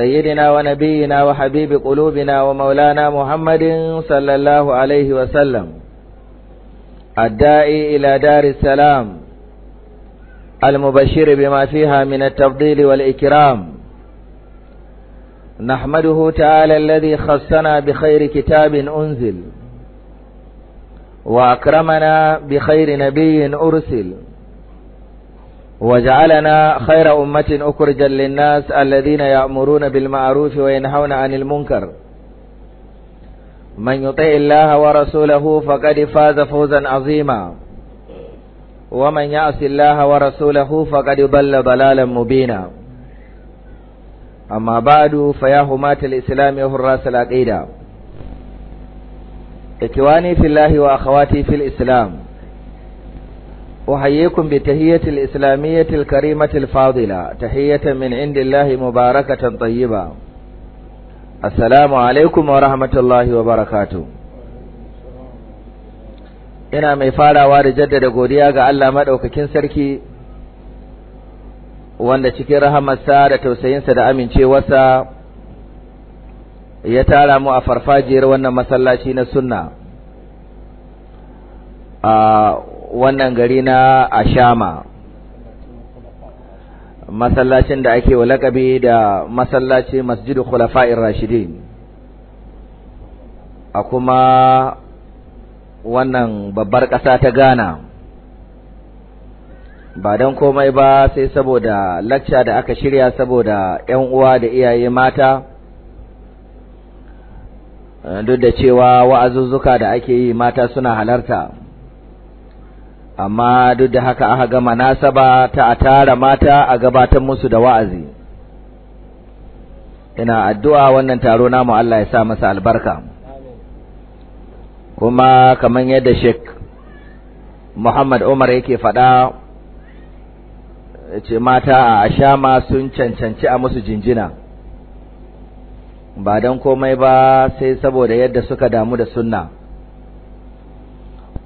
سيدنا ونبينا وحبيب قلوبنا ومولانا محمد صلى الله عليه وسلم الداعي إلى دار السلام المبشر بما فيها من التفضيل والإكرام نحمده تعالى الذي خصنا بخير كتاب أنزل وأكرمنا بخير نبي أرسل وجعلنا خير أمة أخرجا للناس الذين يأمرون بالمعروف وينهون عن المنكر من يطيع الله ورسوله فقد فاز فوزا عظيما ومن يعص الله ورسوله فقد ضل ضلالا مبينا أما بعد فيا همات الإسلام وحراس العقيدة إخواني في الله وأخواتي في الإسلام أحييكم بتهية الإسلامية الكريمة الفاضلة تحية من عند الله مباركة طيبة السلام عليكم ورحمة الله وبركاته ina mai farawa da jaddada godiya ga Allah madaukakin sarki wanda cikin rahamarsa da tausayinsa da amincewarsa ya tara mu a farfajiyar wannan masallaci na sunna a wannan gari na ashama masallacin da ake walakabi da masallaci masjidu khulafa'ir rashidin a kuma wannan babbar ƙasa ta Ghana ba don komai ba sai saboda lacca da aka shirya saboda 'yan uwa da iyaye mata duk da cewa wa'azuzzuka da ake yi mata suna halarta amma duk da haka aka gama nasaba ta a tara mata a gabatar musu da wa'azi ina addu'a wannan taro namu Allah ya sa masa albarka kuma kamar yadda Sheikh Muhammad Umar yake faɗa ce mata a ashama sun cancanci a musu jinjina ba don komai ba sai saboda yadda suka damu da sunna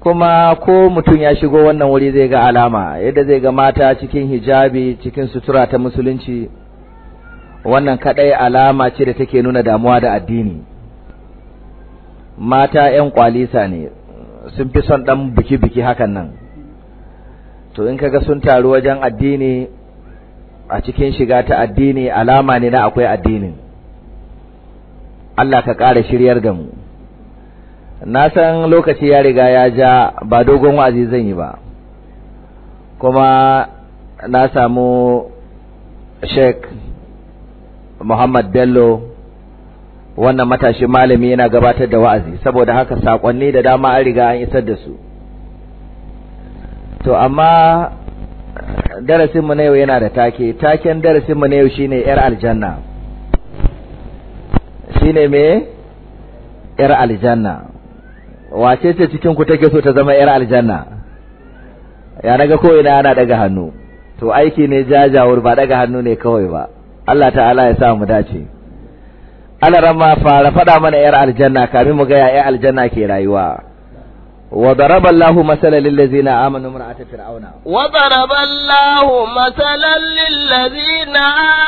kuma ko mutum ya shigo wannan wuri zai ga alama yadda zai ga mata cikin hijabi cikin sutura ta musulunci wannan kaɗai alama ce da take nuna damuwa da addini mata yan kwalisa ne sun fi son ɗan biki-biki hakan nan to in kaga sun taru wajen addini a cikin shiga ta addini alama ne na akwai addinin Allah ka ƙara shiryar da mu na san lokaci ya riga ya ja ba dogon wa'azi zan yi ba kuma na samu sheik muhammad bello wannan matashi malami yana gabatar da wa'azi saboda haka sakonni da dama an riga an isar da su to amma darasinmu na yau yana da take taken darasinmu na yau shine yar aljanna shine me yar aljanna wace ce cikin ku take so ta zama yar aljanna ya daga ko ina ana daga hannu to aiki ne jajawur ba daga hannu ne kawai ba Allah ta'ala ya sa mu dace Allah rama fara fada mana yar aljanna kamin mu ga ya yar aljanna ke rayuwa Allahu وضرب الله مثلا للذين آمنوا امرأة فرعون وضرب الله مثلا للذين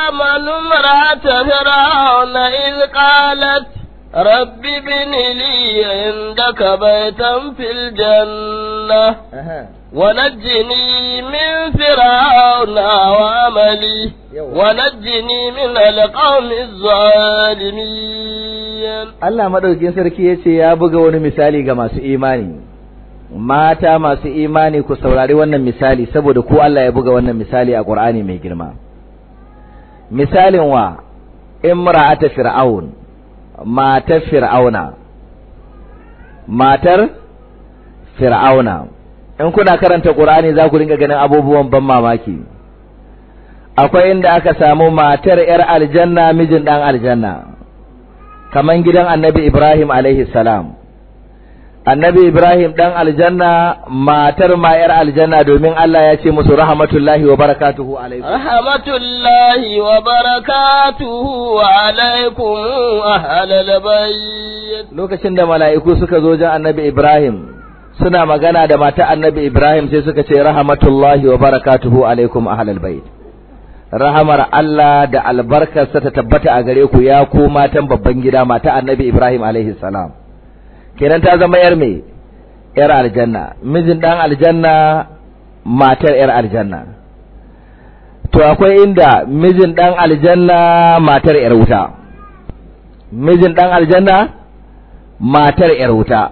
آمنوا امرأة fir'auna إذ qalat رب ابن لي عندك بيتا في الجنة ونجني من فرعون وعملي ونجني من القوم الظالمين Allah madaukakin sarki yace ya buga wani misali ga masu imani mata masu imani ku saurari wannan misali saboda ko Allah ya buga wannan misali a Qur'ani mai girma misalin wa imra'ata fir'aun matar fir'auna matar fir'auna in kuna karanta qur'ani za ku ringa ganin abubuwan ban mamaki akwai inda aka samu matar yar aljanna mijin dan aljanna kaman gidan annabi ibrahim alaihi salam annabi Ibrahim dan aljanna matar ma yar aljanna domin Allah ya ce musu rahmatullahi wa barakatuhu alaikum rahmatullahi wa barakatuhu alaikum ahlal bayt lokacin da mala'iku suka zo jan annabi Ibrahim suna magana da mata annabi Ibrahim sai suka ce rahmatullahi wa barakatuhu alaikum ahlal bayt rahamar Allah da albarkarsa ta tabbata a gare ku ya ko matan babban gida mata annabi Ibrahim alaihi salam kenan ta zama yar me yar aljanna mijin dan aljanna matar yar aljanna to akwai inda mijin dan aljanna matar yar wuta mijin dan aljanna matar yar wuta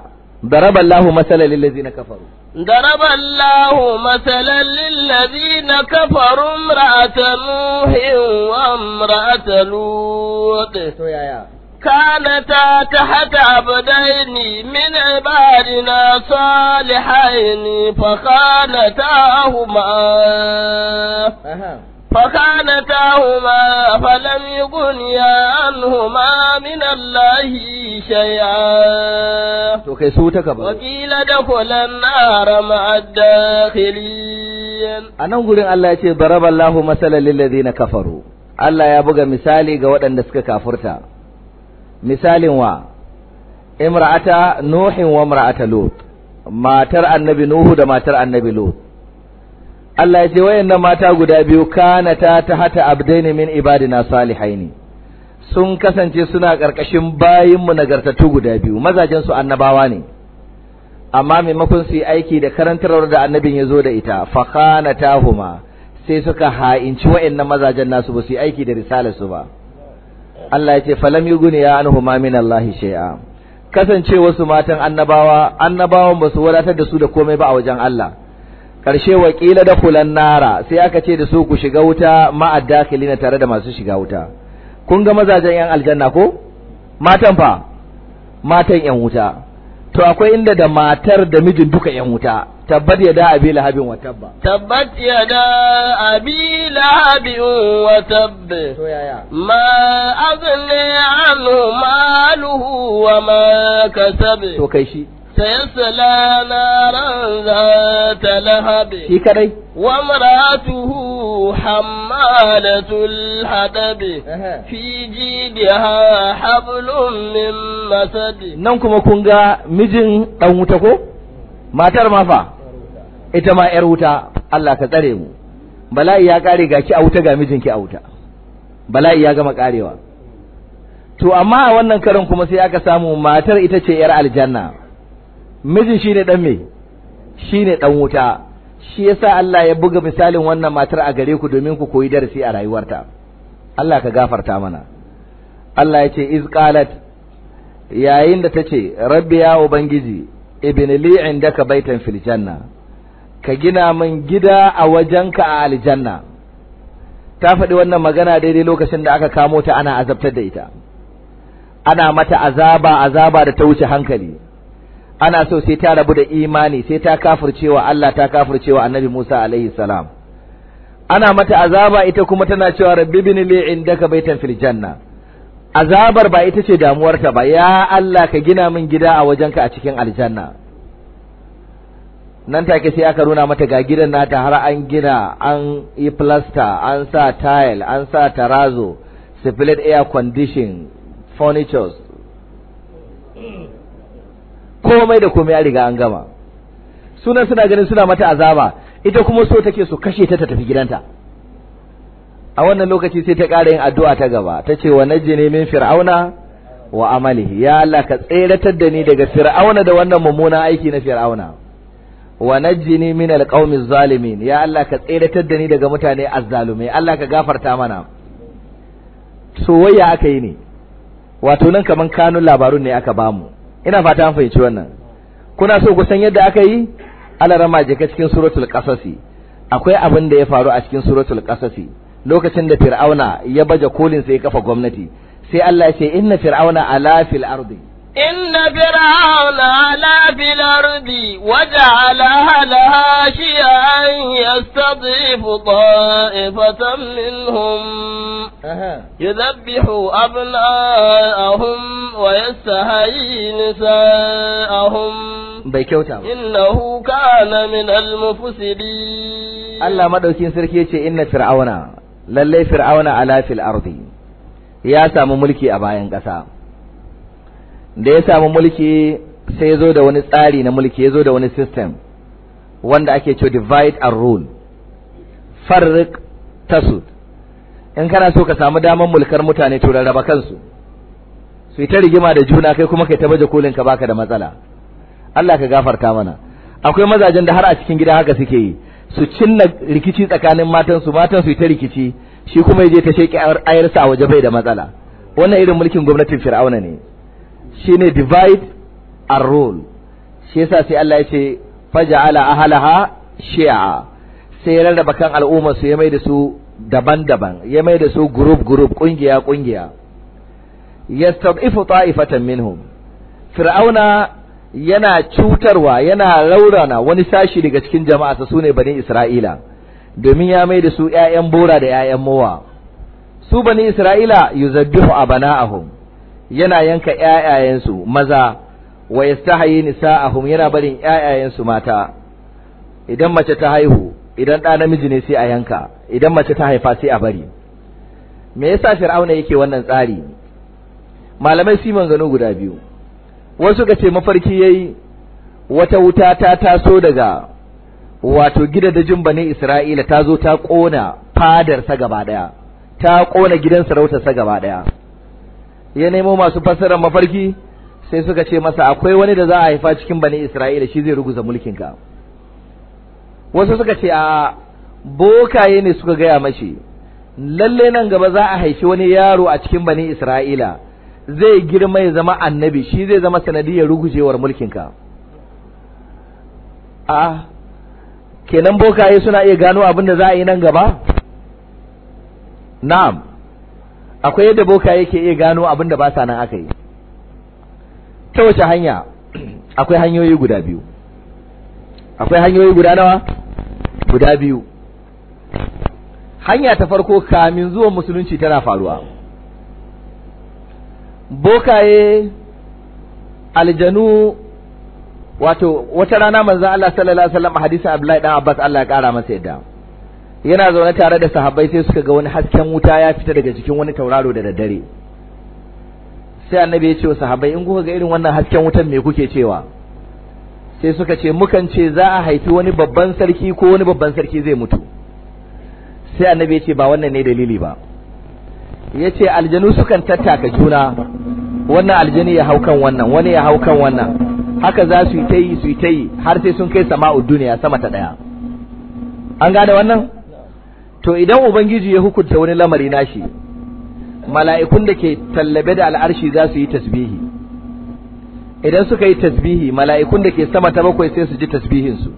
daraba Allahu masalan lil ladzina kafaru daraba Allahu masalan lil ladzina kafaru imra'atan nuhin wa imra'atan lut to yaya كانتا تحت عبدين من عبادنا صالحين فخانتاهما فخانتاهما فلم يغنيا عنهما من الله شيئا وقيل دخل النار مع الداخلين أنا أقول أن الله يقول ضرب الله مثلا للذين كفروا Allah ya buga misali ga waɗanda suka kafurta misalin wa imra'ata nuhin wa imra'ata lut matar annabi nuhu da matar annabi lut Allah ya ce wayannan mata guda biyu kanata ta ta hata abdaini min ibadina salihaini sun kasance suna karkashin mu nagartattu guda biyu mazajen su annabawa ne amma maimakon su yi aiki da karantarwar da annabin ya zo da ita fa kanatahuma sai suka ha'inci wayannan mazajen nasu ba su yi aiki da risalar su ba Allah ya ce falam yuguni ya anhu ma min Allah shay'a kasance wasu matan annabawa annabawan basu wadatar da su da komai ba a wajen Allah karshe wakila da kulan nara sai aka ce da su ku shiga wuta ma'addakhilina tare da masu shiga wuta kun ga mazajen yan aljanna ko matan fa matan yan wuta to akwai inda da matar da mijin duka ƴan wuta tabbat ya da abi lahabin wa tabba tabbat da abi lahabin wa tabba to yaya ma azli anhu maluhu wa ma kasabe to kai shi سيصلى نارا ذات لهب وامرأته حمالة ji في جيدها حبل من مسد nan kuma kun ga mijin dan wuta ko matar ma fa ita ma yar wuta Allah ka tsare mu bala'i ya kare ga a wuta ga ki a wuta bala'i ya gama karewa to amma a wannan karin kuma sai aka samu matar ita ce yar aljanna mijin shine dan me shine dan wuta shi yasa Allah ya buga misalin wannan matar a gare ku domin ku koyi darasi a rayuwarta Allah ka gafarta mana Allah ya ce iz yayin da ta ce rabbi ya ubangiji ibn li indaka baitan fil janna ka gina min gida a wajenka a aljanna ta faɗi wannan magana daidai lokacin da aka kamo ta ana azabtar da ita ana mata azaba azaba da ta wuce hankali ana so sai ta rabu da imani sai ta kafircewa Allah ta kafircewa Annabi Musa alaihi salam ana mata azaba ita kuma tana cewa rabbi bin li indaka baitan fil janna azabar ba ita ce damuwarta ba ya Allah ka gina min gida a wajenka a cikin aljanna nan take sai aka runa mata ga gidan nata har an gina an yi plaster an sa tile an sa tarazo split air condition furnitures komai da komai ya riga an gama suna suna ganin suna mata azaba ita kuma so take su kashe ta ta tafi gidanta a wannan lokaci sai ta ƙara yin addu'a ta gaba ta ce wa ne min fir'auna wa amalihi ya Allah ka tseratar da ni daga fir'auna da wannan mummunan aiki na fir'auna wa ne min alqaumi zalimin ya Allah ka tseratar da ni daga mutane azzalumai Allah ka gafarta mana soyayya aka yi ne wato nan kaman kanun labarun ne aka bamu ina fata an fahimci wannan kuna so ku san yadda aka yi alarama je cikin suratul qasasi akwai abin da ya faru a cikin suratul qasasi lokacin da fir'auna ya baje kolin sai ya kafa gwamnati sai Allah ya ce inna fir'auna ala fil ardi إن فرعون على في الأرض وجعل أهلها شيعا يستضعف طائفة منهم يذبح أبناءهم ويستحيي نساءهم bai kyauta ba innahu kana min almufsidin Allah madaukin sarki yace inna fir'auna lallai fir'auna ala fil ardi ya samu mulki a bayan ƙasa. da ya samu mulki sai ya zo da wani tsari na mulki ya zo da wani system wanda ake cewa divide and rule farrik tasud in kana so ka samu damar mulkar mutane to rarraba kansu su yi rigima da juna kai kuma kai ta baje kolin ka baka da matsala Allah ka gafarta mana akwai mazajen da har a cikin gida haka suke yi su cinna rikici tsakanin matan su matan su yi ta rikici shi kuma ya je ta sheki ayarsa a waje bai da matsala wannan irin mulkin gwamnatin fir'auna ne shi ne divide and rule shi yasa sai Allah ya ce faja'ala ahalaha shi'a sai ya rarraba kan al'ummar su ya mai da su daban-daban ya mai da su group group kungiya kungiya yastad'ifu ta'ifatan minhum fir'auna yana cutarwa yana raurana wani sashi daga cikin jama'a su sune bani isra'ila domin ya mai da su ƴaƴan bora da ƴaƴan mowa su bani isra'ila yuzabbihu abana'ahum yana yanka ƴaƴayensu maza wa yastahi nisa'ahum yana barin ƴaƴayensu mata idan mace ta haihu idan ɗa namiji ne sai a yanka idan mace ta haifa sai a bari me yasa fir'auna yake wannan tsari malamai su mangano guda biyu wasu ka ce mafarki yayi wata wuta ta taso daga wato dajin bani Isra'ila ta zo ta kona fadar sa gaba daya ta kona gidan sarautar sa gaba daya ya nemo masu fassarar mafarki sai suka ce masa akwai wani da za a haifa cikin bani Isra'ila shi zai ruguza mulkin ka wasu suka ce a bokaye ne suka gaya mashi lalle nan gaba za a haifi wani yaro a cikin bani Isra'ila zai girma ya zama annabi shi zai zama sanadiyar rugujewar mulkin ka a kenan bokaye suna iya gano abin da za a yi nan gaba na'am akwai yadda boka yake iya gano abin da ba sa nan aka yi ta wace hanya akwai hanyoyi guda biyu akwai hanyoyi guda nawa guda biyu hanya ta farko kamin zuwan musulunci tana faruwa bokaye aljanu wato wata rana manzon Allah sallallahu alaihi wasallam hadisin Abdullahi dan Abbas Allah ya kara masa yadda yana zaune tare da sahabbai sai suka ga wani hasken wuta ya fita daga cikin wani tauraro da daddare sai annabi ya ce wa sahabbai in kuka ga irin wannan hasken wutan me kuke cewa sai suka ce mukan ce za a haifi wani babban sarki ko wani babban sarki zai mutu sai annabi ya ce ba wannan ne dalili ba ya ce aljanu sukan tattaka juna wannan aljani ya hau kan wannan wani ya hau kan wannan haka za su yi ta yi su yi ta yi har sai sun kai sama'ud duniya sama ta ɗaya an gane wannan to idan ubangiji ya hukunta wani lamari nashi mala'ikun da ke tallabe da al'arshi za su yi tasbihi idan suka yi tasbihi mala'ikun da ke sama ta bakwai sai su ji tasbihinsu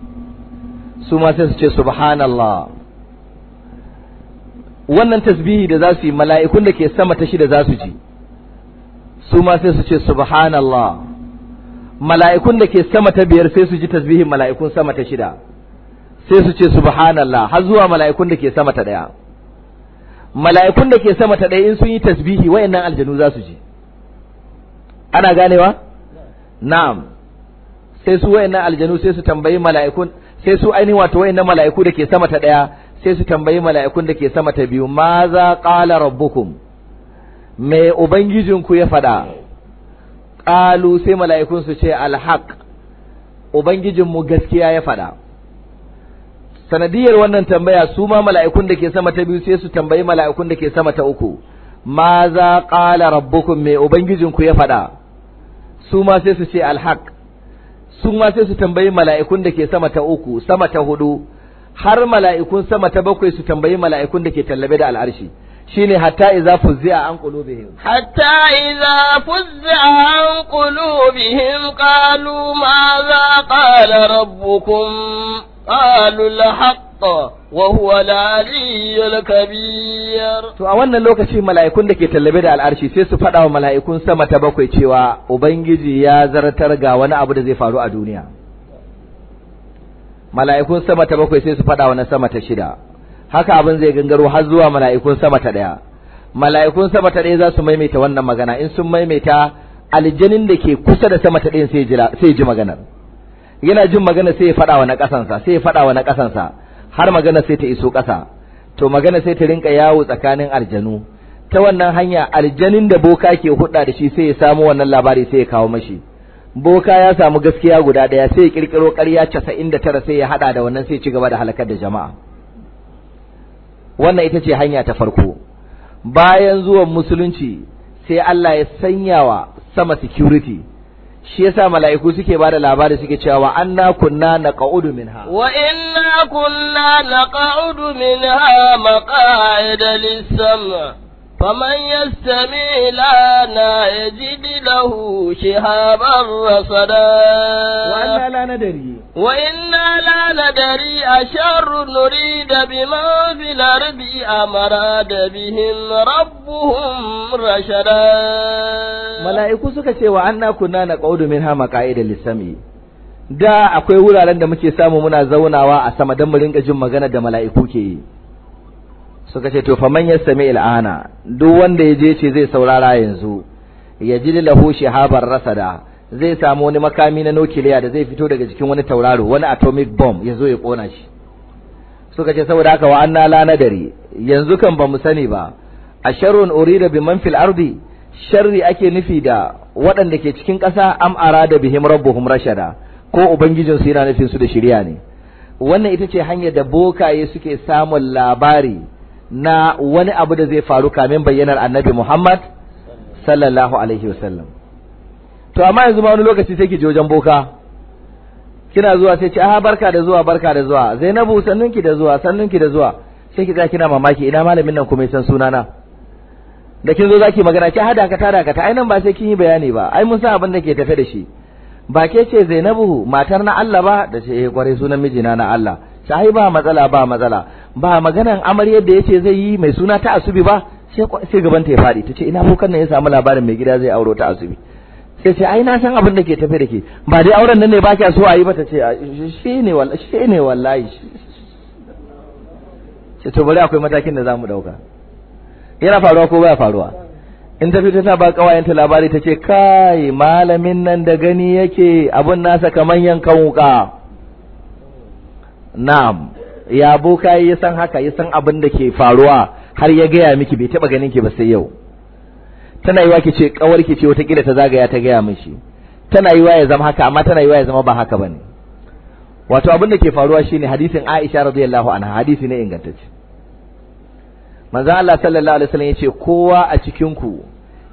su ma sai su ce subhanallah wannan tasbihi da za su yi mala'ikun da ke sama ta shida za su ji su ma sai su ce subhanallah mala'ikun da ke sama ta biyar sai su ji tasbihin mala'ikun sama ta shida sai su ce subhanallah har zuwa mala'ikun da ke sama ta daya mala'ikun da ke sama ta daya in sun yi tasbihi wayannan aljanu za su ji ana ganewa na'am sai su wayannan aljanu sai su tambayi mala'ikun sai su ainihin wato wayannan mala'iku da ke sama ta daya sai su tambayi mala'ikun da ke sama ta biyu ma za qala rabbukum me ubangijinku ya faɗa qalu sai mala'ikun su ce alhaq ubangijinmu gaskiya ya faɗa sanadiyar wannan tambaya su ma mala'ikun da ke sama ta biyu sai su tambayi mala'ikun da ke sama ta uku ma za qala rabbukum me ubangijinku ya faɗa su ma sai su ce alhaq su ma sai su tambayi mala'ikun da ke sama ta uku sama ta hudu har mala'ikun sama ta bakwai su tambayi mala'ikun da ke tallabe da al'arshi shine hatta idza fuzzi'a an qulubihim hatta idza fuzzi'a an qulubihim qalu ma za qala rabbukum قالوا الحق وهو العلي الكبير to a wannan lokaci mala'ikun da ke tallabe da al'arshi sai su fada wa mala'ikun sama ta bakwai cewa ubangiji ya zartar ga wani abu da zai faru a duniya mala'ikun sama ta bakwai sai su fada wa na sama ta shida haka abin zai gangaro har zuwa mala'ikun sama ta ɗaya mala'ikun sama ta ɗaya za su maimaita wannan magana in sun maimaita aljanin da ke kusa da sama ta ɗayan sai ji maganar yana jin magana sai ya faɗa wa na ƙasansa sai ya faɗa wa na ƙasansa har magana sai ta iso ƙasa to magana sai ta rinka yawo tsakanin aljanu ta wannan hanya aljanin da boka ke hudda da shi sai ya samu wannan labari sai ya kawo mashi boka ya samu gaskiya guda ɗaya sai ya kirkiro ƙarya tara sai ya haɗa da wannan sai ya ci gaba da halakar da jama'a wannan ita ce hanya ta farko bayan zuwan musulunci sai Allah ya sanya wa sama security shi yasa mala'iku suke ba da labari suke cewa wa anna kunna naqa'udu minha wa inna kunna naqa'udu minha maqa'ida lis-sam' faman yastami lana yajid lahu shihaban rasada wa anna la nadri wa inna la nadri asharru nurida biman بالأرض أمراد بهم ربهم رشدا ملائكو suka ce wa anna kunna naqaudu hama maqaida lisami da akwai wuraren da muke samu muna zaunawa a sama dan mu rinka jin magana da mala'iku ke yi suka ce to manyan yastami il'ana duk wanda yaje ce zai saurara yanzu yajid lahu shihabar rasada zai samu wani makami na nukiliya da zai fito daga jikin wani tauraro wani atomic bomb yazo ya kona shi suka ce saboda haka wa anna la nadari yanzu kan ba mu sani ba a sharrun urida bi man fil ardi sharri ake nufi da waɗanda ke cikin ƙasa am arada bihim rabbuhum rashada ko ubangijin su yana nufin su da shirya ne wannan ita ce hanyar da bokaye suke samun labari na wani abu da zai faru kamin bayyanar annabi Muhammad sallallahu alaihi wasallam to amma yanzu ma wani lokaci sai ki je wajen boka kina zuwa sai ce aha barka da zuwa barka da zuwa Zainabu sannunki da zuwa sannunki da zuwa sai ki tsaya kina mamaki ina malamin nan kuma san na. da kin zo zaki magana ki hada ka tada ka ta ainan ba sai kin yi bayani ba ai mun san abin da ke tafe da shi ba ke ce Zainabu matar na Allah ba da ce eh kware sunan mijina na Allah sai ba matsala ba matsala ba maganan amaryar da yace zai yi mai suna ta asubi ba sai sai gaban ta ya fadi tace ina bukan nan ya samu labarin mai gida zai auro ta asubi ya ce ai na san abin da ke tafi da ke ba dai auren nan ne ba kya so a yi ba ta ce shi ne shi ne wallahi bari akwai matakin da zamu ɗauka yana faruwa ko baya faruwa in ta fito ta ba kawayenta labari ta ce kai malamin nan da gani yake abun nasa kaman yankan wuka na'am ya boka ya san haka ya san abin da ke faruwa har ya gaya miki bai taba ganin ki ba sai yau tana yiwa ke ce kawar ke ce watakila ta zagaya ta gaya mishi tana yiwa ya zama haka amma tana yiwa ya zama ba haka bane wato abin da ke faruwa shine hadisin Aisha radiyallahu anha hadisi ne ingantacce manzo Allah sallallahu alaihi wasallam yace kowa a cikin ku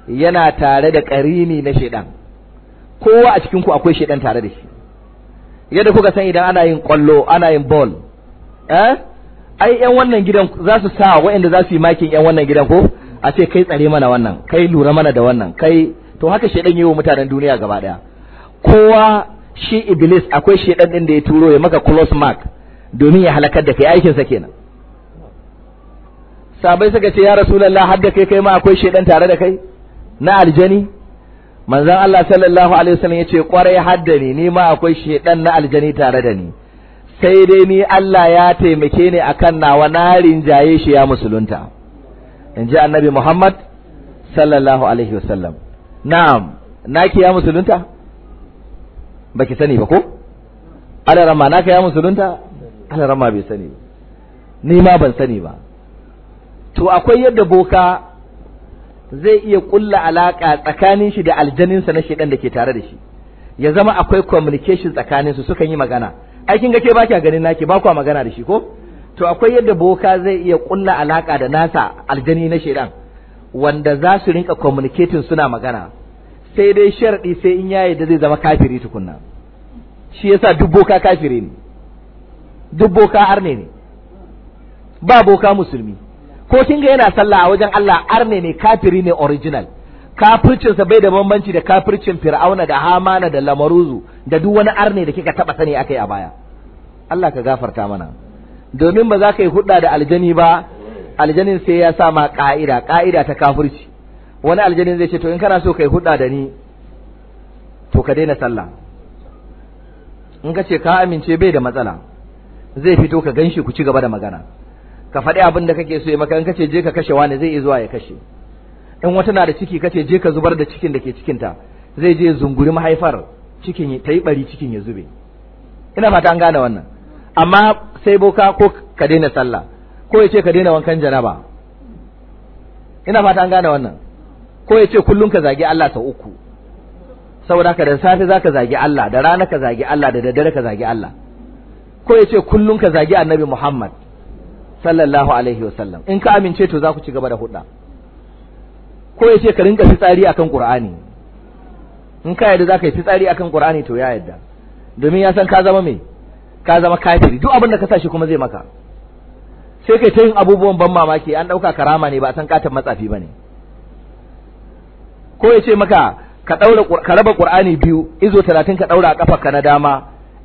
yana tare da karini na shedan kowa a cikin ku akwai shedan tare da shi yadda kuka san idan ana yin kwallo ana yin ball eh ai yan wannan gidan za su sa waɗanda za su yi makin yan wannan gidan ko a ce kai tsare mana wannan kai lura mana da wannan kai to haka shedan yi mutanen duniya gaba daya kowa shi iblis akwai shedan din da ya turo ya maka close mark domin ya halakar da kai sa kenan sabai suka ce ya rasulullahi hadda kai kai ma akwai shedan tare da kai na aljani manzon Allah sallallahu alaihi wasallam yace kwarai hadda ni ni ma akwai shedan na aljani tare da ni sai dai ni Allah ya taimake ni akan nawa na rinjaye shi ya musulunta in ji annabi Muhammad sallallahu alaihi wasallam na'am naki ya musulunta baki sani ba ko alarama naka ya musulunta alarama bai sani ba ni ma ban sani ba to akwai yadda boka zai iya kulla alaka tsakanin shi da aljaninsa na shedan da ke tare da shi ya zama akwai communication tsakanin su sukan yi magana aikin kin ga ke ba kya ganin naki ba kwa magana da shi ko to akwai yadda boka zai iya kulla alaka da nasa aljani na shedan wanda za su rinka communicating suna magana sai dai sharadi sai in yayi da zai zama kafiri tukunna shi yasa duk boka kafiri ne duk boka arne ne ba boka musulmi ko kin ga yana sallah a wajen Allah arne ne kafiri ne original kafircinsa bai da bambanci da kafircin fir'auna da hamana da lamaruzu da duk wani arne da kika taba sani akai a baya Allah ka gafarta mana domin ba za ka yi hudda da aljani ba aljanin sai ya sa ma ka'ida ka'ida ta kafirci wani aljanin zai ce to in kana so kai hudda da ni to ka daina sallah in ka ce ka amince bai da matsala zai fito ka ganshi ku ci gaba da magana ka faɗi abin da kake so ya maka in ka ce je ka kashe wani zai iya zuwa ya kashe in wata na da ciki ka ce je ka zubar da cikin da ke cikinta zai je zunguri mahaifar cikin ta yi bari cikin ya zube ina fata an gane wannan amma sai boka ko ka daina sallah ko ya ce ka daina wankan janaba ina fata an gane wannan ko ya ce kullum ka zagi Allah sau uku saboda ka da safe zaka zagi Allah da rana ka zagi Allah da daddare ka zagi Allah ko ya ce kullum ka zagi Annabi Muhammad sallallahu alaihi wasallam in ka amince to za ku ci gaba da hudda ko ya ce ka rinka fitsari akan Qur'ani in ka yadda zaka yi fitsari akan Qur'ani to ya yadda. domin ya san ka zama me ka zama kafiri duk abin da ka tashi kuma zai maka sai kai ta yin abubuwan ban mamaki an ɗauka karama ne ba san katan matsafi ba ne ko ya ce maka ka daura ka raba qur'ani biyu izo talatin ka ɗaura a ka na dama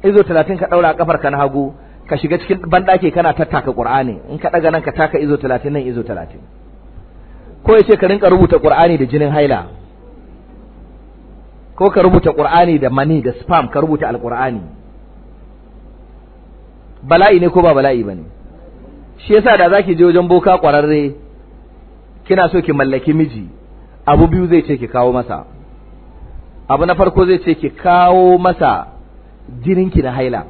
izo talatin ka ɗaura a ka na hagu ka shiga cikin banɗaki kana tattaka qur'ani in ka daga nan ka taka izo talatin nan izo talatin ko ya ka rinka rubuta qur'ani da jinin haila ko ka rubuta ƙur'ani da mani da spam ka rubuta alqur'ani bala'i ne ko ba bala'i bane shi yasa da zaki je wajen boka kwararre kina so ki mallaki miji abu biyu zai ce ki kawo masa abu na farko zai ce ki kawo masa jinin ki na haila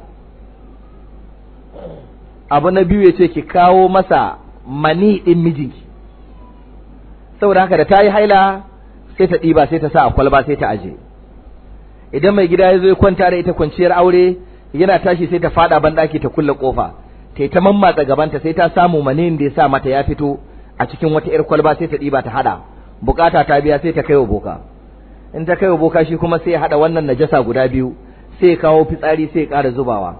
abu na biyu ya ce ki kawo masa mani ɗin mijinki saboda haka da ta yi haila sai ta ɗiba sai ta sa a kwalba sai ta aje idan mai gida ya zo ya kwanta da ita kwanciyar aure yana tashi sai ta fada bandaki ta kulle kofa tai ta mammatsa gabanta sai ta samu manin da ya sa mata ya fito a cikin wata yar kwalba sai ta diba ta hada bukata ta biya sai ta kaiwa boka in ta kaiwa boka shi kuma sai ya hada wannan najasa guda biyu sai ya kawo fitsari sai ya ƙara zubawa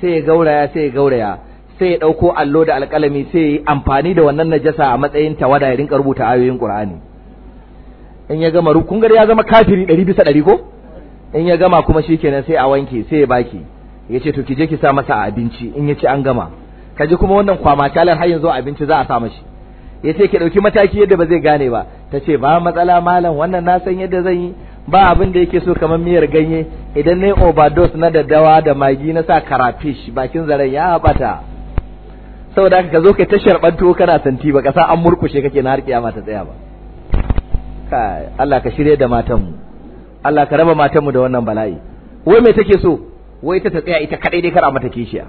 sai ya gauraya sai ya gauraya sai ya dauko allo da alkalami sai ya amfani da wannan najasa a matsayin tawada ya rinka rubuta ayoyin Qur'ani in ya gama rukun gari ya zama kafiri 100 bisa 100 ko in ya gama kuma shikenan sai a wanke sai ya baki yace to ki je ki sa masa a abinci in ya yace an gama kaji kuma wannan lan har yanzu abinci za a sa mashi yace ki dauki mataki yadda ba zai gane ba tace ba matsala malam wannan na san yadda zan yi ba abin da yake so kamar miyar ganye idan nayi overdose na daddawa da magi na sa karafish bakin zaren ya bata saboda haka ka zo kai ta sharbanto kana santi ba sa an murkushe kake na har kiyama ta tsaya ba Allah ka shirye da matanmu Allah ka raba matanmu da wannan bala'i wai me take so wai ita ta tsaya ita kadai dai kar a mata kishiya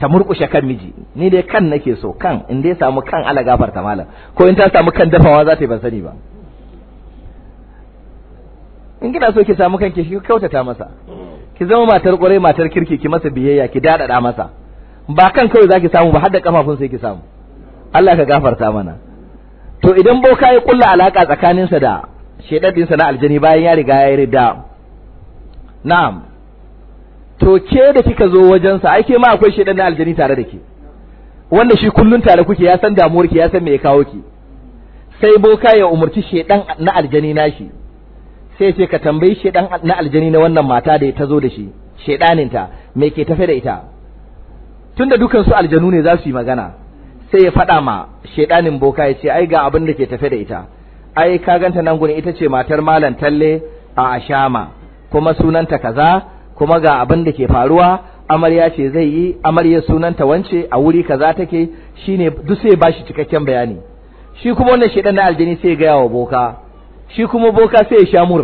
ta murkushe kan miji ni dai kan nake so kan in dai samu kan ala gafar ta malam ko in ta samu kan dafawa za ta yi ban sani ba in kina so ki samu kanki ki kautata masa ki zama matar kwarai matar kirki ki masa biyayya ki dadada masa ba kan kawai zaki samu ba har da kafafun sai ki samu Allah ka gafarta mana to idan boka ya kulla alaka tsakaninsa da shedadinsa na aljani bayan ya riga ya rida na'am to ke da kika zo wajensa ai ke ma akwai shedan na aljani tare da ke wanda shi kullun tare kuke ya san damuwar ki ya san me ya kawo ki sai boka ya umurci shedan na aljani nashi sai ya ce ka tambayi shedan na aljani na wannan mata da ta zo da shi ta me ke tafe da ita tunda dukan su aljanu ne za su yi magana sai ya faɗa ma shedanin boka ya ce ai ga abin da ke tafe da ita ai ka ganta nan gurin ita ce matar malam talle a ashama kuma sunanta kaza kuma ga abin da ke faruwa amarya ce zai yi amarya sunanta wance a wuri kaza take shine duk sai bashi cikakken bayani shi kuma wannan shedan na aljini sai ya gaya wa boka shi kuma boka sai ya shamur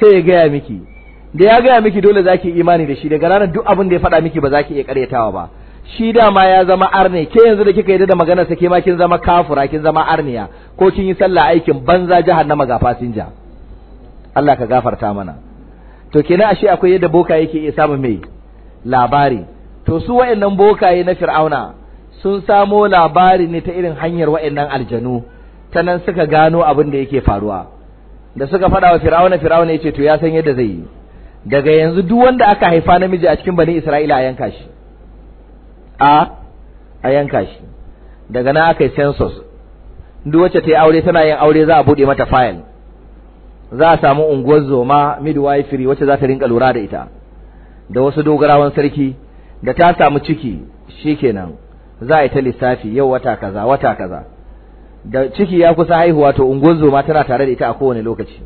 sai ya gaya miki da ya gaya miki dole zaki imani da shi daga ranar duk abin da ya faɗa miki ba zaki iya karyatawa ba shi dama ya zama arne ke yanzu da kika yi da magana sa ma kin zama kafura kin zama arniya ko kin yi sallah aikin banza jahannama ga fasinja Allah ka gafarta mana to kenan ashe akwai yadda bokaye ke iya samun mai labari to su wa'annan bokaye na fir'auna sun samo labari ne ta irin hanyar wa'annan aljanu ta nan suka gano abin da yake faruwa da suka faɗa wa fir'auna fir'auna ya ce to ya san yadda zai yi daga yanzu duk wanda aka haifa namiji a cikin bani isra'ila a yanka shi a a yanka shi daga nan aka yi census duk wacce ta yi aure tana yin aure za a buɗe mata fayil za a samu unguwar zoma midwifery wacce za ta rinka lura da ita da wasu dogarawan sarki da ta samu ciki shikenan za a yi ta lissafi yau wata kaza wata kaza da ciki ya kusa haihuwa to unguwar zoma tana tare da ita a kowane lokaci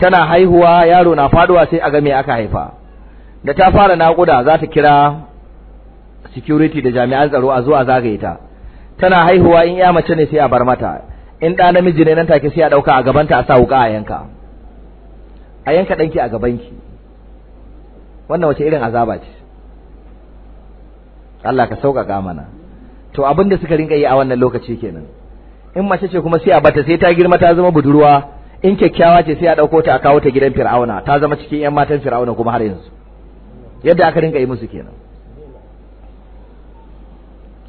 tana haihuwa yaro na faduwa sai a ga me aka haifa da ta fara naƙuda za ta kira security da jami'an tsaro a zo a zagaye ta tana haihuwa in ya mace ne sai a bar mata in ɗa namiji ne nan take sai a ɗauka a gabanta a sa wuƙa a yanka a yanka ɗanki a gabanki wannan wace irin azaba ce Allah ka sauƙaƙa mana to abin da suka rinƙa yi a wannan lokaci kenan in mace ce kuma sai a bata sai ta girma ta zama budurwa in kyakkyawa ce sai a ɗauko ta a kawo ta gidan fir'auna ta zama cikin 'yan matan fir'auna kuma har yanzu yadda aka rinƙa yi musu kenan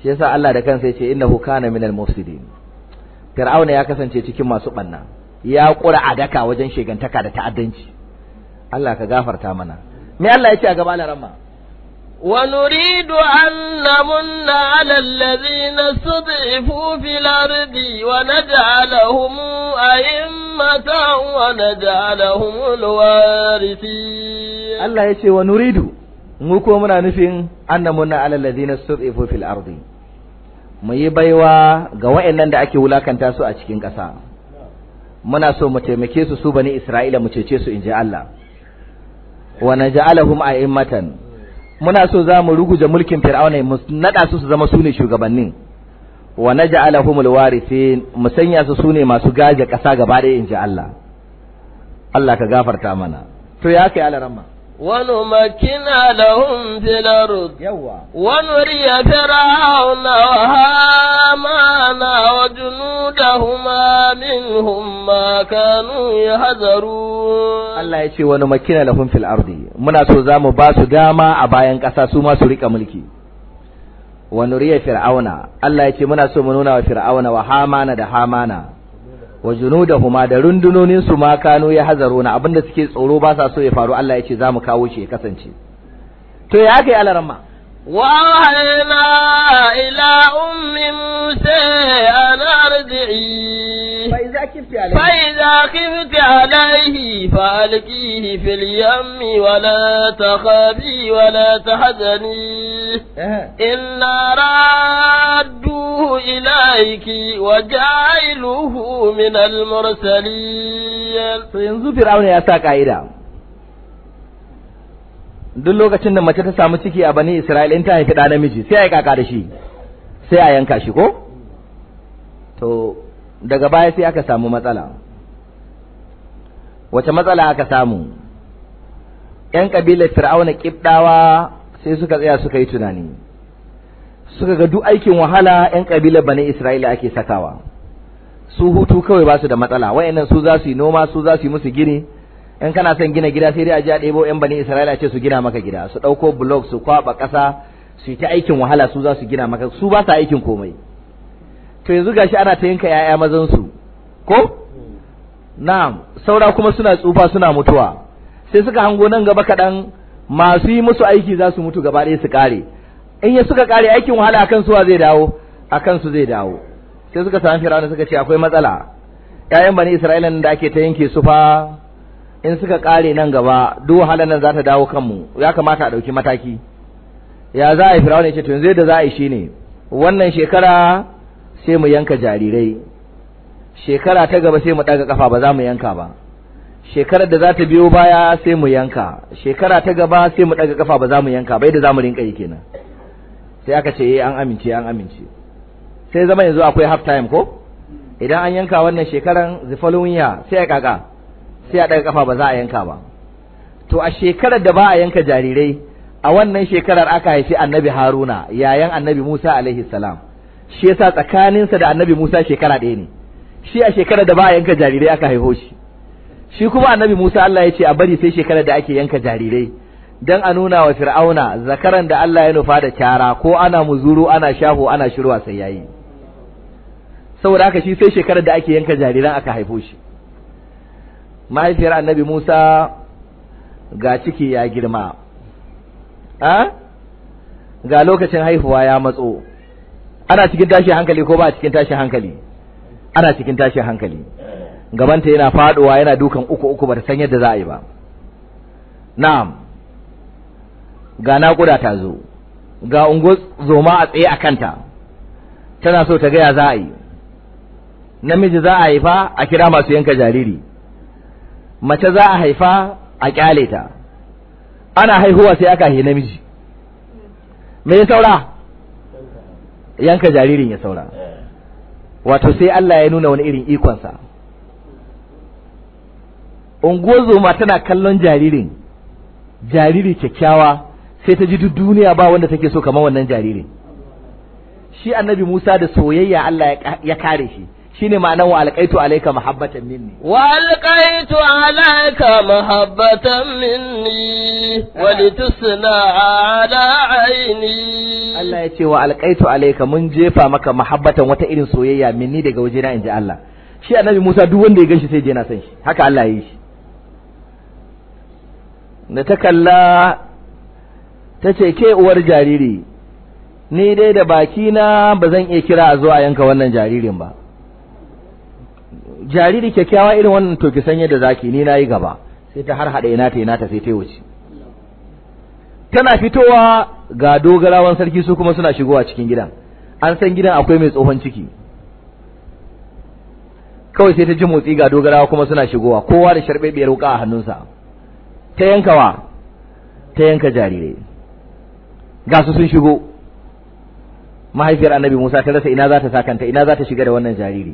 shi yasa Allah da kansa ya ce innahu kana minal mufsidin fir'auna ya kasance cikin masu banna ya kura a daka wajen shegantaka da ta'addanci Allah ka gafarta mana me Allah ya ce a gaba larama ونريد أن نمن على الذين استضعفوا في الأرض ونجعلهم أئمة ونجعلهم Allah yace wa nuridu mu ko muna nufin annamunna 'ala ladina sud'ifu fil ardi mu yi baiwa ga waɗannan da ake wulakanta su a cikin ƙasa muna so mu taimake su su bani Isra'ila mu cece su in ji Allah wa naj'alahum a'immatan muna so za mu ruguje mulkin fir'auna mu nada su su zama su ne shugabannin wa naj'alahum alwarithin mu sanya su su ne masu gaje ƙasa gaba ɗaya ji Allah Allah ka gafarta mana to ya kai alaramma ونمكن لهم في الأرض ونري فرعون وهامان وجنودهما منهم ما كانوا يحذرون الله يشي ونمكن لهم في الأرض منا سوزام باسو داما أباين كساسوما سريك ملكي ونري فرعون الله يشي منا سومنونا وفرعون وهامان دهامانا wa junudahuma da rundunonin su ma kanu ya na abinda suke tsoro ba sa so ya faru Allah ya ce za mu kawo shi ya kasance to ya kai alarma wa hayna ila ummi musa an ardi'i fa kifti alayhi fa iza kifti alayhi fa alqihi fil yammi wa la takhabi wa la tahzani eh. inna ra ilaik wa ja'iluhu min yanzu fir'auna ya sa kaida duk lokacin da mace ta samu ciki a bani Isra'ila in ta haifi namiji sai ai kaka da shi sai a yanka shi ko to daga baya sai aka samu matsala wace matsala aka samu ‘yan ƙabilar fir'auna ƙibɗawa sai suka tsaya suka yi tunani suka ga duk aikin wahala yan kabilar bani Isra'ila ake sakawa su hutu kawai ba su da matsala wayannan su za su yi noma su za su yi musu gini yan kana son gina gida sai dai a ji a ɗebo yan bani Isra'ila ce su gina maka gida su ɗauko blog su kwaba ƙasa su yi ta aikin wahala su za su gina maka su ba sa aikin komai to yanzu gashi ana ta yanka yaya mazan su ko na'am saura kuma suna tsufa suna mutuwa sai suka hango nan gaba kaɗan masu yi musu aiki za su mutu gaba ɗaya su ƙare in ya suka kare aikin wahala akan suwa zai dawo akansu kansu zai dawo sai suka sami fir'auna suka ce akwai matsala ƴaƴan bani isra'ilan da ake ta yanke su fa in suka kare nan gaba duk wahala nan za ta dawo kanmu ya kamata a ɗauki mataki ya za a yi fir'auna ya ce to yanzu yadda za a yi shine wannan shekara sai mu yanka jarirai shekara ta gaba sai mu ɗaga kafa ba za mu yanka ba shekarar da za ta biyo baya sai mu yanka shekara ta gaba sai mu ɗaga kafa ba za mu yanka ba yadda za mu rinka yi kenan sai aka ce eh an amince an amince sai zama yanzu akwai half time ko idan an yanka wannan shekaran the following year sai ya kaka sai a daga kafa ba za a yanka ba to a shekarar da ba a yanka jarirai a wannan shekarar aka haifi annabi haruna yayan annabi musa alaihi salam shi yasa tsakaninsa da annabi musa shekara ɗaya ne shi a shekarar da ba a yanka jarirai aka haihu shi shi kuma annabi musa allah ya ce a bari sai shekarar da ake yanka jarirai dan a nuna wa fir'auna zakaran da Allah ya nufa da kyara ko ana muzuru ana shaho ana shirwa sai yayi saboda haka shi sai shekarar da ake yanka jariran aka haifo shi mahaifiyar annabi Musa ga ciki ya girma a ga lokacin haihuwa ya matso ana cikin tashin hankali ko ba a cikin tashin hankali ana cikin tashin hankali gabanta yana faduwa yana dukan uku uku ba ta san yadda za a yi ba na'am ga naƙuda ta zo ga ungo zoma a tsaye a kanta tana so ta gaya za a yi namiji za a haifa a kira masu yanka jariri mace za a haifa a kyale ta ana haihuwa sai aka haihi namiji me ya saura yanka jaririn ya saura wato sai Allah ya nuna wani irin ikonsa unguwar zoma tana kallon jaririn jariri kyakkyawa sai ta ji duk duniya ba wanda take so kamar wannan jaririn shi annabi Musa da soyayya Allah ya kare shi shine ma'anar wa alqaitu alayka mahabbatan minni wa alqaitu alayka mahabbatan minni wa litusna ala aini Allah ya ce wa alqaitu alayka mun jefa maka mahabbatan wata irin soyayya minni daga wajena inji Allah shi annabi Musa duk wanda ya ganshi sai je na san shi haka Allah ya yi shi da ta kalla ta ce ke uwar jariri ni dai da baki na ba zan iya kira a zuwa yanka wannan jaririn ba jariri kyakkyawa irin wannan to ki san yadda zaki ni nayi gaba sai ta har hada ina ta ina ta sai ta wuce tana fitowa ga dogarawan sarki su kuma suna shigowa cikin gidan an san gidan akwai mai tsohon ciki kawai sai ta ji motsi ga dogarawa kuma suna shigowa kowa da sharbebiyar wuka a hannunsa ta yankawa ta yanka jarirai ga su sun shigo mahaifiyar annabi Musa ta rasa ina za ta sakanta ina za ta shiga da wannan jariri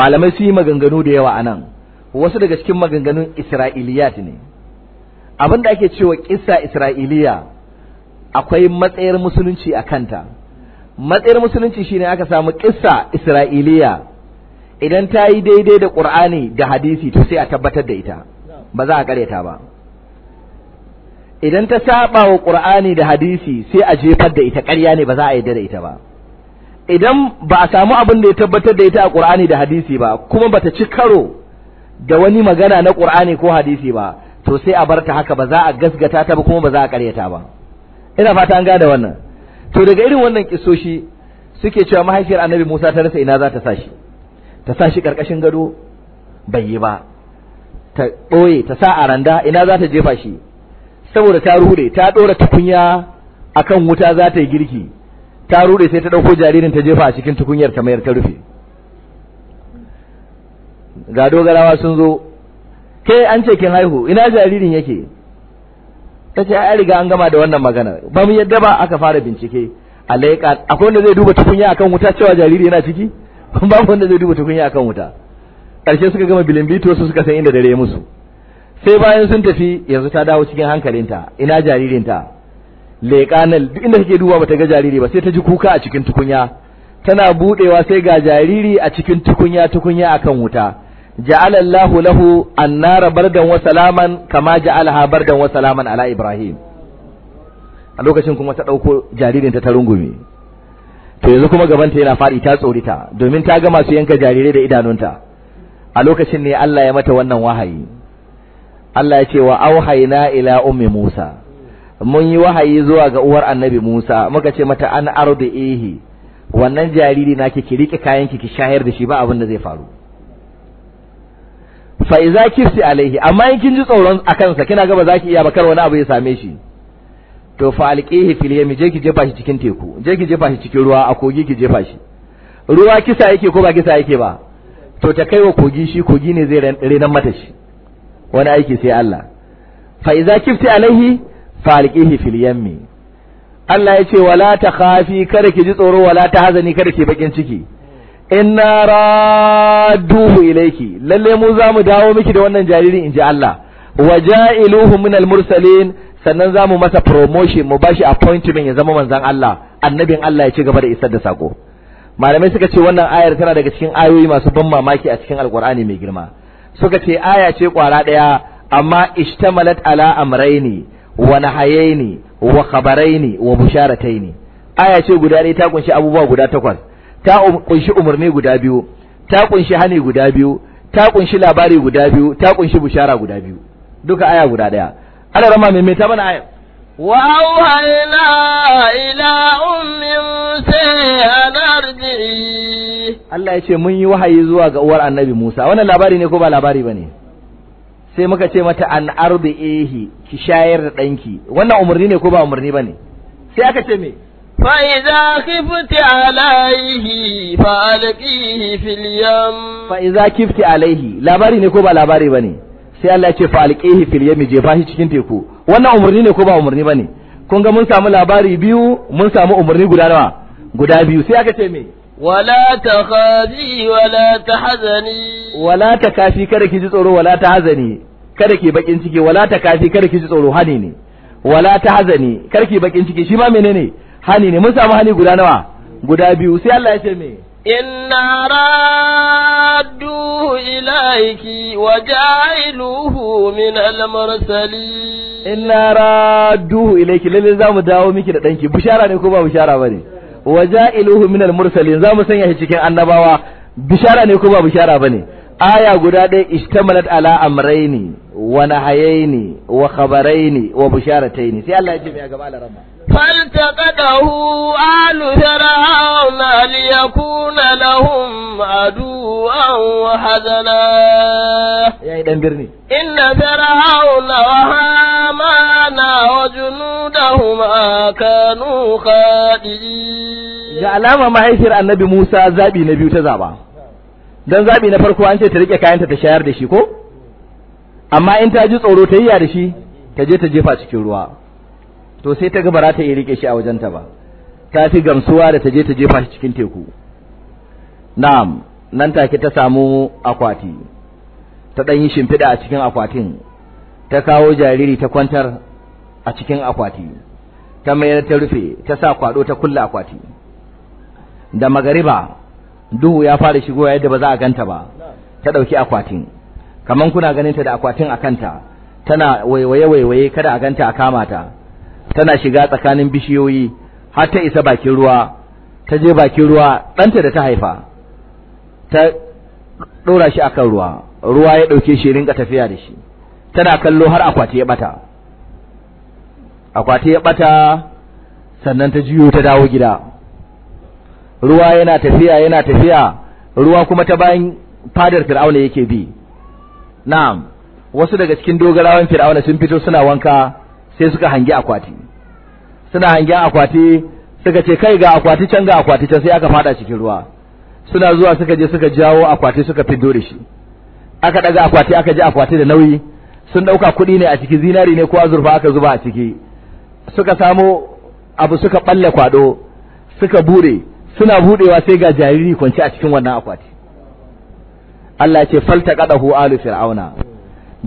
malamai su yi maganganu da yawa anan wasu daga cikin maganganun Isra'iliyat ne abin da ake cewa kissa Isra'iliya akwai matsayar musulunci a kanta matsayar musulunci shine aka samu kissa Isra'iliya idan ta yi daidai da Qur'ani da hadisi to sai a tabbatar da ita ba za a karyata ba idan ta saba wa qur'ani da hadisi sai a jefar da ita ƙarya ne ba za a yarda da ita ba idan ba a samu abin da ya tabbatar da ita a qur'ani da hadisi ba kuma bata ci karo da wani magana na qur'ani ko hadisi ba to sai a bar ta haka ba za a gasgata ta ba kuma ba za a ta ba ina fata an gada wannan to daga irin wannan kisoshi suke cewa mahaifiyar annabi Musa ta rasa ina za ta sashi ta sashi karkashin gado bai yi ba ta ɓoye ta sa a ina za ta jefa shi saboda ta rude ta dora tukunya akan wuta za ta yi girki ta rude sai ta dauko jaririn ta jefa a cikin tukunyar ta mayar ta rufe ga dogarawa sun zo kai an ce kin haihu ina jaririn yake Ta ce ai riga an gama da wannan magana ba mu yadda ba aka fara bincike alaika akwai wanda zai duba tukunya akan wuta cewa jariri yana ciki babu wanda zai duba tukunya akan wuta ƙarshe suka gama bilimbito su suka san inda dare musu sai bayan sun tafi yanzu ta dawo cikin hankalinta ina jaririnta leƙanal duk inda take duba bata ga jariri ba sai ta ji kuka a cikin tukunya tana budewa sai ga jariri a cikin tukunya tukunya akan wuta ja'ala Allahu lahu annara bardan wa salaman kama ja'alha bardan wa salaman ala Ibrahim a lokacin kuma ta dauko jaririnta ta rungume to yanzu kuma gabanta yana fadi ta tsorita domin ta ga masu yanka jarirai da idanunta a lokacin ne Allah ya mata wannan wahayi Allah ya ce wa auhayna ila ummi Musa mun yi wahayi zuwa ga uwar annabi Musa muka ce mata an ardihi wannan jariri nake ki rike kayan ki ki shayar da shi ba abin da zai faru fa iza kifti alaihi amma in kin ji tsoron akan sa kina ga ba za ki iya ba kar wani abu ya same shi to fa alqihi fil yami je ki jefa shi cikin teku je ki jefa shi cikin ruwa a kogi ki jefa shi ruwa kisa yake ko ba kisa yake ba to ta kaiwa kogi shi kogi ne zai renan mata shi wani aiki sai Allah fa idza kifti alaihi falqihi fil yammi Allah yace wala takhafi kada ki ji tsoro wala hazani kada ki bakin ciki inna radduhu ilayki lalle mu za mu dawo miki da wannan jaririn inji Allah waja'iluhu min al-mursalin sannan za mu masa promotion mu bashi appointment ya zama manzon Allah annabin Allah ya ci gaba da isar da sako malamai suka ce wannan ayar tana daga cikin ayoyi masu ban mamaki a cikin alkur'ani mai girma suka ce aya ce kwara daya amma ishtamalat ala amraini wa nahayaini wa khabaraini wa musharataini. aya ce guda ɗaya ta kunshi abubuwa guda takwas ta um-, kunshi umarni guda biyu ta kunshi hani guda biyu ta kunshi labari guda biyu ta kunshi bushara guda biyu duka aya guda ɗaya Allah rama mai ta mana aya وأوهينا إلى أم موسى أن أرجعي الله يشي من يوحي زواج أول النبي موسى وانا لاباري نكوبا با لاباري بني sai muka ce mata an arbi ehi ki shayar da ɗanki wannan umarni ne ko ba umarni ba ne sai aka ce me fa'iza kifti alaihi yam fa fa'iza kifti alaihi labari ne ko ba labari ba ne sai Allah ya ce fa'alƙihi filiyam jefa shi cikin teku wannan umarni ne ko ba umarni ne? kun ga mun samu labari biyu mun samu umarni guda nawa guda biyu sai aka ce me wala takhazi wala hazani wala kafi kada ki ji tsoro wala hazani kada ki bakin ciki wala kafi kada ki ji tsoro hani ne wala hazani kada ki bakin ciki shi ma menene hani ne mun samu hani guda nawa guda biyu sai Allah ya ce me Inna ra duhu ilaiki wa ja a min al Inna ra duhu ilaiki lalle za mu dawo miki da ɗanki bishara ne ko ba bishara ba ne. Wa ja min al-mursali zamu sanya shi cikin annabawa bishara ne ko ba bishara ba aya guda ɗaya istamalat ala amraini wa nahayaini wa khabaraini wa bisharataini sai Allah ya ce mai gaba alarama faltaqadahu alu fir'auna liyakuna lahum aduwan wa hazana yayi dan birni inna fir'auna wa hamana wa junudahuma kanu khadijin ga alama mahaifiyar annabi Musa zabi na biyu ta zaba don zaɓi na farko an ce ta riƙe kayanta ta shayar da shi ko amma in ta ji tsoro ta yiya da shi ta je ta jefa cikin ruwa to sai ta ga ba ta iya rike shi a ta ba ta fi gamsuwa da ta je ta jefa shi cikin teku na'am nan take ta samu akwati ta ɗan yi shimfiɗa a cikin akwatin ta kawo jariri ta kwantar a cikin akwati ta mayar ta rufe ta sa kwaɗo ta kulle akwati da magariba duhu ya fara shigowa yadda ba za a ganta ba ta ɗauki akwatin kaman kuna ganin ta da akwatin a kanta tana waiwaye waiwaye kada a ganta a kama ta tana shiga tsakanin bishiyoyi har ta isa bakin ruwa ta je bakin ruwa ɗanta da ta haifa ta ɗora shi akan ruwa ruwa ya ɗauke shi rinka tafiya da shi tana kallo har akwati ya bata akwati ya ɓata sannan ta jiyo ta dawo gida ruwa yana tafiya yana tafiya ruwa kuma ta bayan fadar fir'auna yake bi na'am wasu daga cikin dogarawan fir'auna sun fito suna wanka sai suka hangi akwati suna hangi akwati suka ce kai ga akwati can ga akwati can sai aka fada cikin ruwa suna zuwa suka je suka jawo akwati suka fiddo da shi aka daga akwati aka ji akwati da nauyi sun dauka kuɗi ne a ciki zinari ne ko azurfa aka zuba a ciki suka samo abu suka balle kwado suka bure suna buɗewa sai ga jariri kwanci a cikin wannan akwati Allah ya ce faltaqadahu alu fir'auna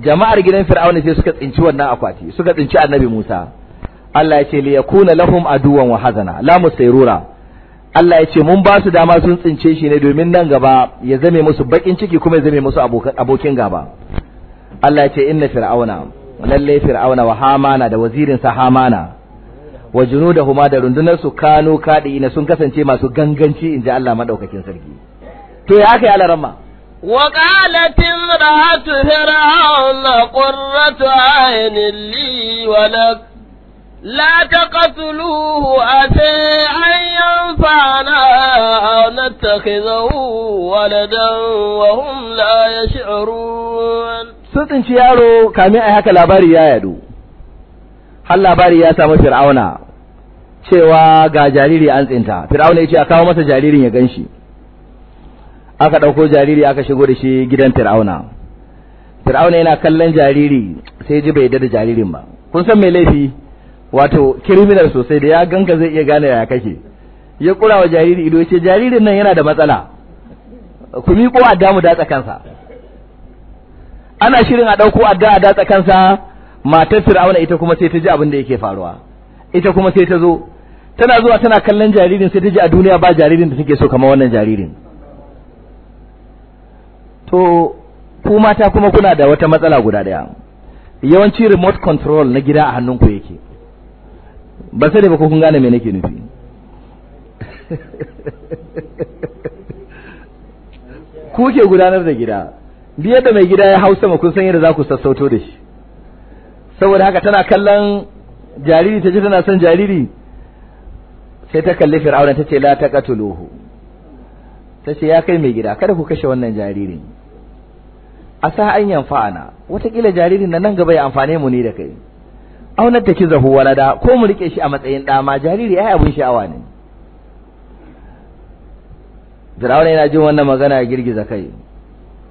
jama'ar gidan fir'auna sai suka tsinci wannan akwati suka tsinci annabi Musa Allah ya ce li yakuna lahum aduwan wa hazana la musayrura Allah ya ce mun ba su dama sun tsince shi ne domin nan gaba ya zame musu bakin ciki kuma ya zame musu abokin gaba Allah ya ce inna fir'auna lalle fir'auna wa hamana da wazirin sa hamana Wajiru da huma da rundunar su Kano kaɗai ina sun kasance masu ganganci inji ji Allah maɗaukakin sarki. To ya aka yi alalarmma? Wakilatin da haɗu da shi ya rawa na la takwas lu ase aiyan faɗa na take zau, wani da Su tsinci yaro kame ayi haka labari ya yado, har labari ya samu fir'auna cewa ga jariri an tsinta fir'auna ya ce a kawo masa jaririn ya ganshi aka ɗauko jariri aka shigo da shi gidan fir'auna fir'auna yana kallon jariri sai ji bai yarda da jaririn ba kun san mai laifi wato criminal sosai da ya ganka zai iya gane ya kake ya kura wa jariri ido ce jaririn nan yana da matsala ku miƙo adda mu datsa kansa ana shirin a ɗauko adda a datsa kansa matar fir'auna ita kuma sai ta ji abin da yake faruwa ita kuma sai ta zo tana zuwa tana kallon jaririn sai ta ji a duniya ba jaririn da take so kamar wannan jaririn to ku mata kuma kuna da wata matsala guda daya yawanci remote control na gida a hannunku yake ba sai da ba kun gane me nake nufi ku ke gudanar da gida biyar da mai gida ya hau sama kun san yadda za ku sassauto da shi saboda haka tana kallon jariri ta ji tana son jariri sai ta kalli fir'auna ta ce la taqatuluhu ta ce ya kai mai gida kada ku kashe wannan jaririn asa an yanfa'ana watakila jaririn nan gaba ya amfane mu ne da kai aunar ta kizahu walada ko mu rike shi a matsayin da ma jariri ai abun sha'awa ne Fir'auna yana jin wannan magana ya girgiza kai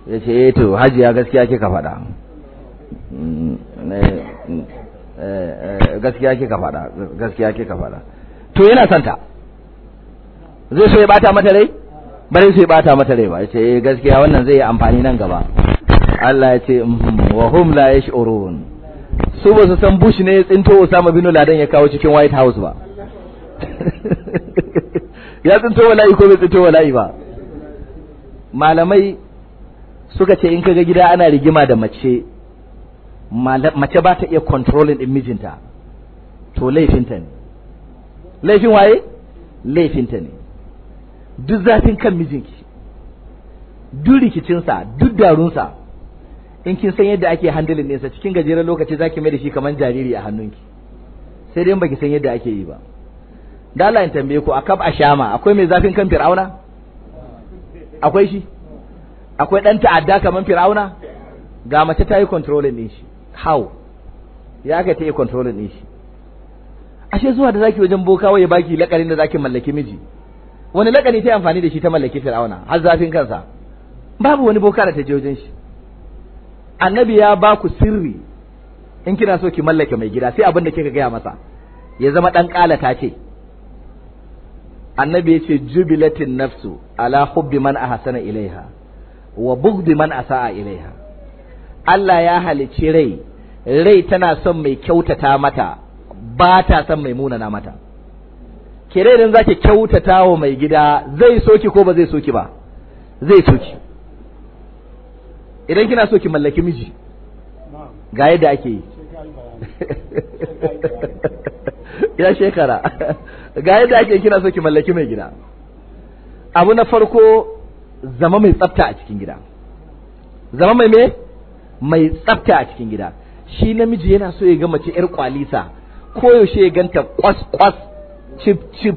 ya ce eh to hajiya gaskiya kika faɗa mm, mm, eh, mm, eh, eh, gaskiya kika faɗa gaskiya kika faɗa to yana santa zai so ya bata mata rai bare su ya bata mata rai ba ya ce eh, gaskiya wannan zai yi amfani nan gaba Allah ya ce mm-hmm, wa hum la yash'urun su ba su san Bush ne ya tsinto Osama bin Laden ya kawo cikin White House ba ya tsinto wallahi ko bai tsinto wallahi ba malamai suka ce in kaga gida ana rigima da mace mace ba ta iya controlling din mijinta to laifinta ne laifin waye laifinta ne duk zafin kan mijinki duk rikicinsa duk darunsa in kin san yadda ake handling nesa cikin gajeren lokaci ki mai da shi kamar jariri a hannunki sai dai baki san yadda ake yi ba da Allah in tambaye ku akab ashama akwai mai zafin kan fir'auna akwai shi akwai dan ta'adda kamar fir'auna ga mace ta yi controlling din shi how ya ga ta yi controlling din shi ashe zuwa da zaki wajen bokawa ya baki lakarin da zaki mallaki miji wani lakani ta amfani da shi ta mallaki fir'auna har zafin kansa babu wani boka da ta je wajen shi annabi ya ba ku sirri in kina so ki mallake mai gida sai abin da kika gaya masa ya zama dan kalata ce annabi ya ce jubilatin nafsu ala hubbi man ahsana ilaiha wa bughdi man asaa ilaiha Allah ya halicci rai rai tana son mai kyautata mata ba ta san mai munana mata kirerin zaki kyautata wa mai gida zai soki ko ba zai soki ba zai soki idan kina soki mallaki miji ga yadda ake yi ya shekara ga yadda ake kina soki mallaki mai gida abu na farko zama mai tsafta a cikin gida zama mai me mai tsafta a cikin gida shi namiji yana so ya ga mace yar kwalisa koyaushe ya ganta kwas kwas cif cif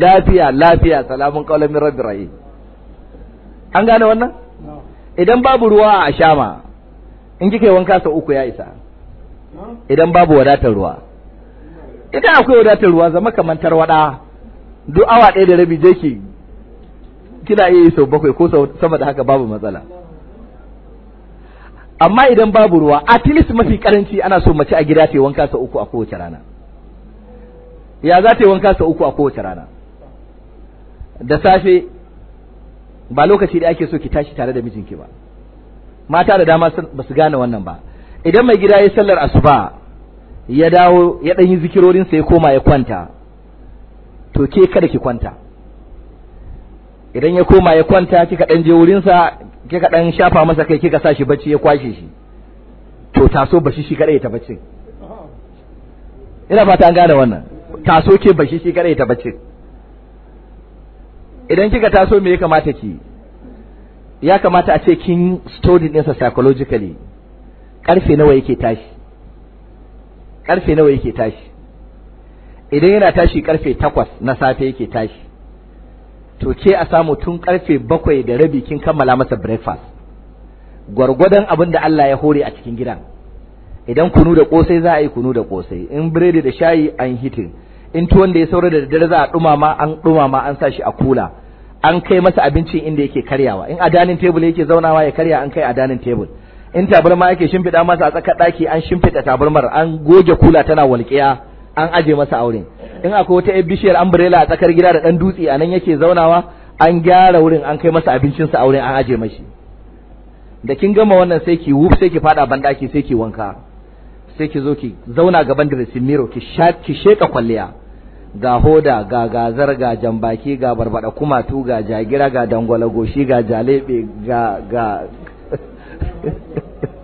lafiya lafiya salamun qaulan rabi an gane wannan idan babu ruwa a shama in kike wanka sau uku ya isa idan babu wadatar ruwa idan akwai wadatar ruwa zama kamar tarwada duk awa ɗaya da rabi je kina iya yi sau bakwai ko sama da haka babu matsala amma idan babu ruwa at least mafi karanci ana so mace a gida ta wanka sa uku a kowace rana ya za ta wanka sa uku a kowace rana da safe ba lokaci da ake so ki tashi tare da mijinki ba mata da dama ba su gane wannan ba idan mai gida ya sallar asuba ya dawo ya dan yi zikirorin sa ya koma ya kwanta to ke kada ki kwanta idan ya koma ya kwanta kika dan je wurin sa kika dan shafa masa kai kika sa shi bacci ya kwashe shi to taso bashi shi kadai ta bacci ina fata an gane wannan taso ke bashi shi kadai ta bacci idan kika taso me ya kamata ki ya kamata a ce kin study sa psychologically karfe nawa yake tashi karfe nawa yake tashi idan yana tashi karfe takwas na safe yake tashi to ke a samu tun karfe bakwai da rabi kin kammala masa breakfast gwargwadon abin da Allah ya hore a cikin gidan idan kunu da kosai za a yi kunu da kosai in biredi da shayi an hitin in tuwon da ya saura da daddare za a dumama an dumama an sa shi a kula an kai masa abincin inda yake karyawa in a dining table yake zaunawa ya karya an kai a dining table in tabarma yake shimfiɗa masa a tsakar ɗaki an shimfida tabarmar an goge kula tana walƙiya an aje masa aure. in akwai wata yar bishiyar umbrella a tsakar gida da dan dutse anan yake zaunawa an gyara wurin an kai masa abincin sa wurin an aje mashi da kin gama wannan sai ki wuf sai ki fada bandaki sai ki wanka sai ki zo ki zauna gaban dressing mirror ki sha ki sheka kwalliya ga hoda ga gazar ga jambaki ga barbada kumatu ga jagira ga dangwala goshi ga jalebe ga ga